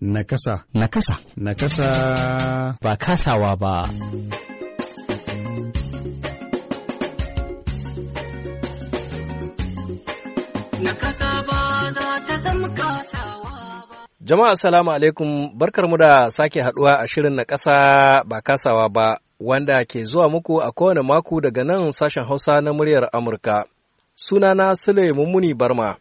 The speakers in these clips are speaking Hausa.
Nakasa. Nakasa. Nakasa. Ba kasawa ba. kasa ba za ta zama kasawa ba. Jama'a salamu alaikum barkarmu da sake haduwa a shirin na ƙasa ba kasawa ba wanda ke zuwa muku a kowane maku daga nan sashen Hausa na muryar Amurka. Sunana Sule Mummuni Barma.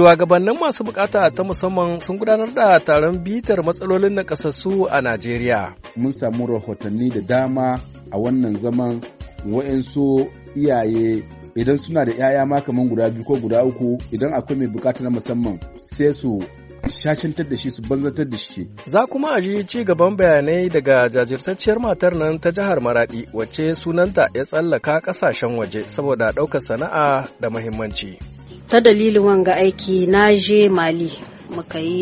Shugabannin masu bukata ta musamman sun gudanar da taron bitar matsalolin nakasassu a Najeriya. Mun samu rahotanni da dama a wannan zaman wa'insu iyaye idan suna da 'ya'ya ma kamar guda biyu ko guda uku idan akwai mai bukata na musamman sai su shashantar da shi su banzatar da shi. Za kuma a ji ci gaban bayanai daga jajirtacciyar matar nan ta jihar Maradi wacce sunanta ya tsallaka kasashen waje saboda ɗaukar sana'a da muhimmanci. ta dalilin wanga aiki na je mali muka yi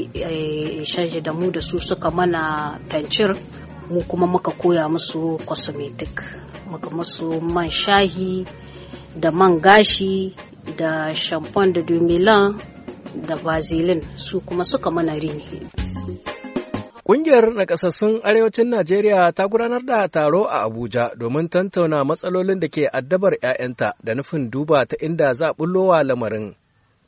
shanje eh, da mu da su suka mana tancir mu kuma muka koya musu cosmetic muka musu man shahi da man gashi da shampon da dumilan da vaseline su kuma suka mana rini Ƙungiyar nakasassun Arewacin Najeriya ta gudanar da taro a Abuja domin tantauna matsalolin da ke addabar 'ya'yanta da nufin duba ta inda za bullowa lamarin.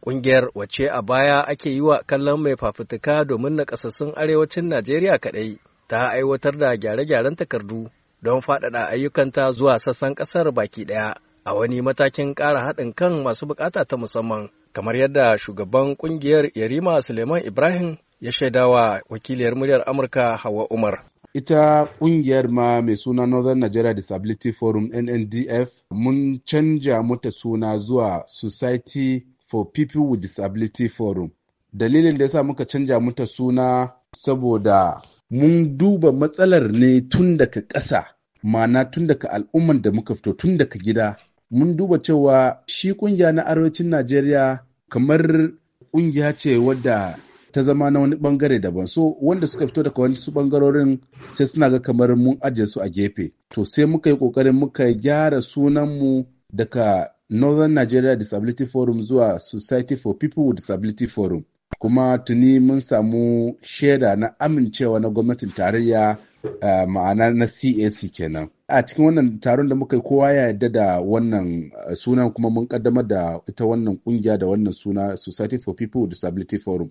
Ƙungiyar wace a baya ake yi wa kallon mai fafutuka domin nakasassun Arewacin Najeriya kaɗai ta aiwatar da gyare-gyaren takardu don faɗaɗa ayyukanta zuwa sassan ƙasar baki ɗaya a wani matakin ƙara haɗin kan masu buƙata ta musamman. kamar yadda shugaban ƙungiyar Yarima Suleiman Ibrahim ya wa wakiliyar muryar Amurka Hawa Umar. ita ƙungiyar ma mai suna Northern Nigeria Disability Forum NNDF mun canja mata suna zuwa Society for People with Disability Forum. Dalilin da yasa muka canja mata suna saboda mun duba matsalar ne tun daga ƙasa, ma'ana tun daga al'umman da muka fito tun daga gida. Mun duba cewa shi ƙungiya na arewacin Najeriya kamar ƙungiya ce wadda ta zama na wani bangare daban so wanda suka fito daga wani su bangarorin sai suna ga kamar mun ajiye su a gefe to sai muka yi kokarin muka gyara sunanmu daga Northern Nigeria Disability Forum zuwa Society for People with Disability Forum kuma tuni mun samu shaida na amincewa na gwamnatin tarayya uh, ma'ana na CAC kenan a cikin wannan taron da muka yi kowa ya yadda da wannan eh, sunan kuma mun kaddamar da ita wannan kungiya da wannan suna Society for People with Disability Forum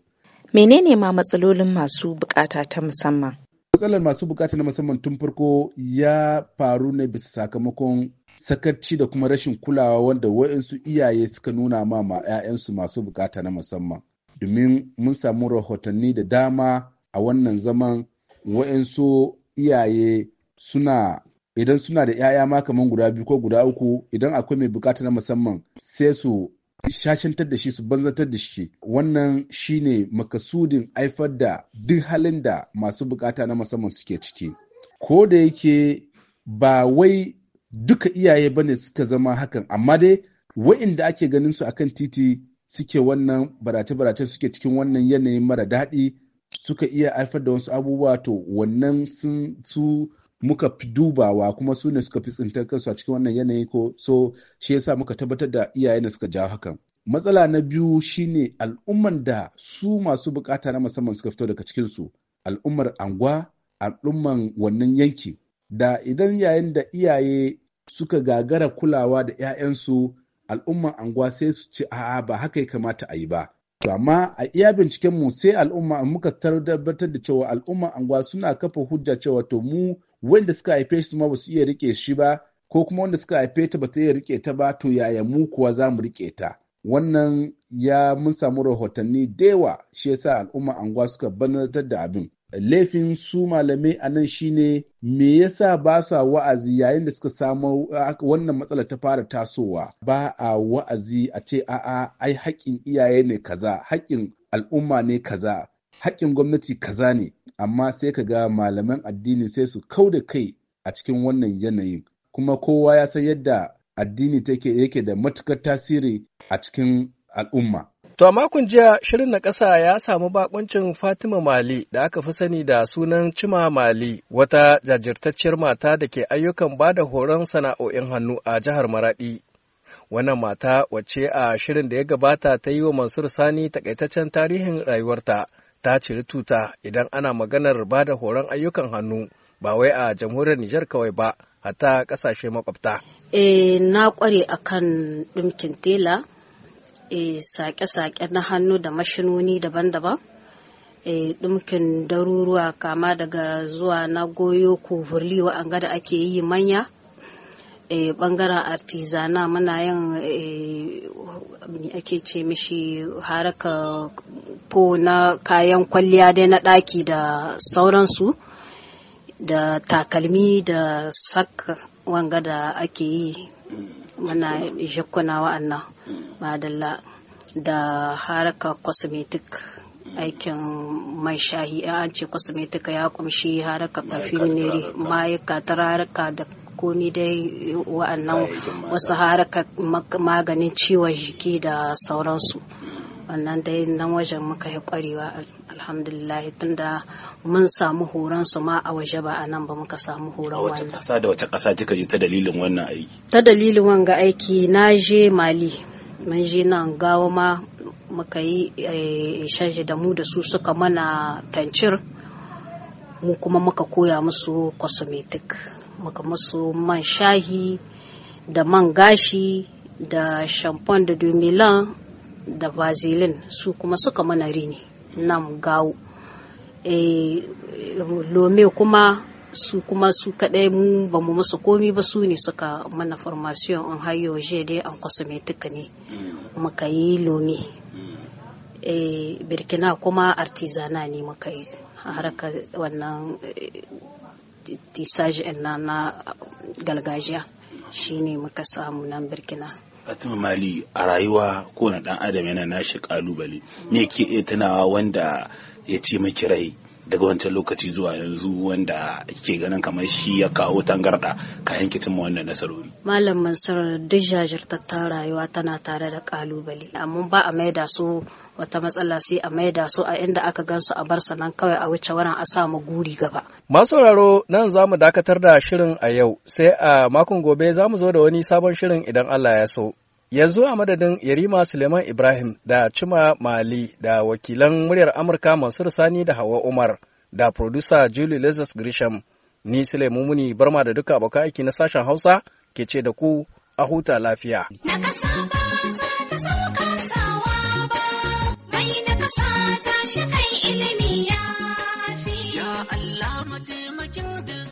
menene ma matsalolin masu bukata ta musamman matsalar masu bukata na musamman tun farko ya faru ne bisa sakamakon sakarci da kuma rashin kulawa wanda wa'yansu iyaye suka nuna ma ma 'ya'yansu masu bukata na musamman domin mun samu rahotanni da dama a wannan zaman waɗansu iyaye suna idan suna da 'ya'ya ma kamar guda biyu ko guda uku idan akwai mai bukata na musamman sai su shashantar da shi su banzatar da shi wannan shine makasudin haifar da duk halin da masu bukata na musamman suke ciki ko da yake ba wai duka iyaye bane suka zama hakan amma dai wa'inda ake ganin su akan titi suke wannan barace-barace suke cikin wannan yanayin mara daɗi suka iya haifar da wasu abubuwa to wannan sun su muka fi dubawa kuma su ne suka fi tsintar kansu a cikin wannan yanayi ko so shi yasa muka tabbatar da iyayen suka ja hakan matsala na biyu shine al'umman da su masu bukata na musamman suka fito daga cikinsu al'ummar anguwa, al'umman wannan yanki da idan yayin da iyaye suka gagara kulawa da 'ya'yansu al'umman anguwa sai su ce a'a ba haka ya kamata a yi ba to amma a iya binciken mu sai al'umma muka tabbatar da cewa al'umman anguwa suna kafa hujja cewa to mu wanda suka haife shi ma ba su iya rike shi ba ko kuma wanda suka haife ta ba su iya rike ta ba to yaya mu kuwa za mu rike ta wannan ya mun samu rahotanni da yawa shi yasa al'umma anguwa suka banatar da abin laifin su malamai a nan shine me yasa ba sa wa'azi yayin da suka samu wannan matsala ta fara tasowa ba a wa'azi a ce a'a ai haƙƙin iyaye ne kaza haƙƙin al'umma ne kaza haƙƙin gwamnati kaza ne amma sai ka ga malaman addini sai su kau da kai a cikin wannan yanayin kuma kowa ya san yadda addini take yake da matukar tasiri a cikin al'umma To a makon jiya shirin na ƙasa ya samu bakuncin Fatima Mali da aka fi sani da sunan Cima Mali wata jajirtacciyar mata da ke ayyukan ba da horon sana'o'in hannu a jihar Maraɗi, Wannan mata wacce a shirin da ya gabata ta yi wa Mansur Sani takaitaccen tarihin rayuwarta ta ciri tuta idan ana maganar ba da horon ayyukan hannu ba wai a jamhuriyar Nijar kawai ba hatta kasashe makwabta. E, na kware kan ɗumkin tela e, eh, sake-sake na hannu da mashinoni daban-daban e, ɗumkin daruruwa kama daga zuwa na goyo ko a an gada ake yi manya Eh, bangaren artizana muna yin eh, ake ce mishi haraka po na kayan kwalliya dai na ɗaki da sauransu da takalmi da saka wanga da ake yi muna jikuna wa'annan madalla da haraka cosmetic aikin mai shahi an ce cosmetic ya kumshi haraka perfumery mayuka haraka da komi dai wa'annan wasu haraka maganin ciwon jiki da sauransu wannan dai nan wajen muka yi kwarewa alhamdulillah tunda mun samu horon su ma a waje ba a nan ba muka samu horon wannan. A wace ƙasa da wace ƙasa kika je ta dalilin wannan aiki? Ta dalilin wanga aiki na je Mali mun je nan gawo ma muka yi eh, shanje da mu da su suka mana tancir mu kuma muka koya musu cosmetic. muka musu man shahi da man gashi da shampon da dumilan da vaseline su kuma suka mana rini na gawo e, lome kuma su kuma su kaɗai mu ba mu musu komi ba su ne suka mana formation an hayo je dai an cosmetic ne mm. muka yi lome mm. e, eh, birkina kuma artizana ne muka yi harkar wannan eh, tisaj na na galgajiya shine muka samu nan birkina fatima mali a rayuwa kowane ɗan adam yana nashi ƙalubale me ke iya tunawa wanda ya ci miki rai daga wancan lokaci zuwa yanzu wanda ke ganin kamar shi ya kawo tangarda kayan kitin ma wannan nasarori. Malam Mansur duk jajirtattar rayuwa tana tare da kalubale amma ba a maida su wata matsala sai a maida su a inda aka gan su a bar nan kawai a wuce wurin a samu guri gaba. Masu sauraro nan za mu dakatar da shirin a yau sai a makon gobe za mu zo da wani sabon shirin idan Allah ya so. Yanzu a madadin Yarima Suleiman Ibrahim da Cima Mali da wakilan muryar Amurka Mansur Sani da Hawa Umar da Produsa Julie Lazarus Grisham ni Suleiman Muni barma da duka abokan aiki na sashen Hausa ke ce da ku a huta lafiya. Na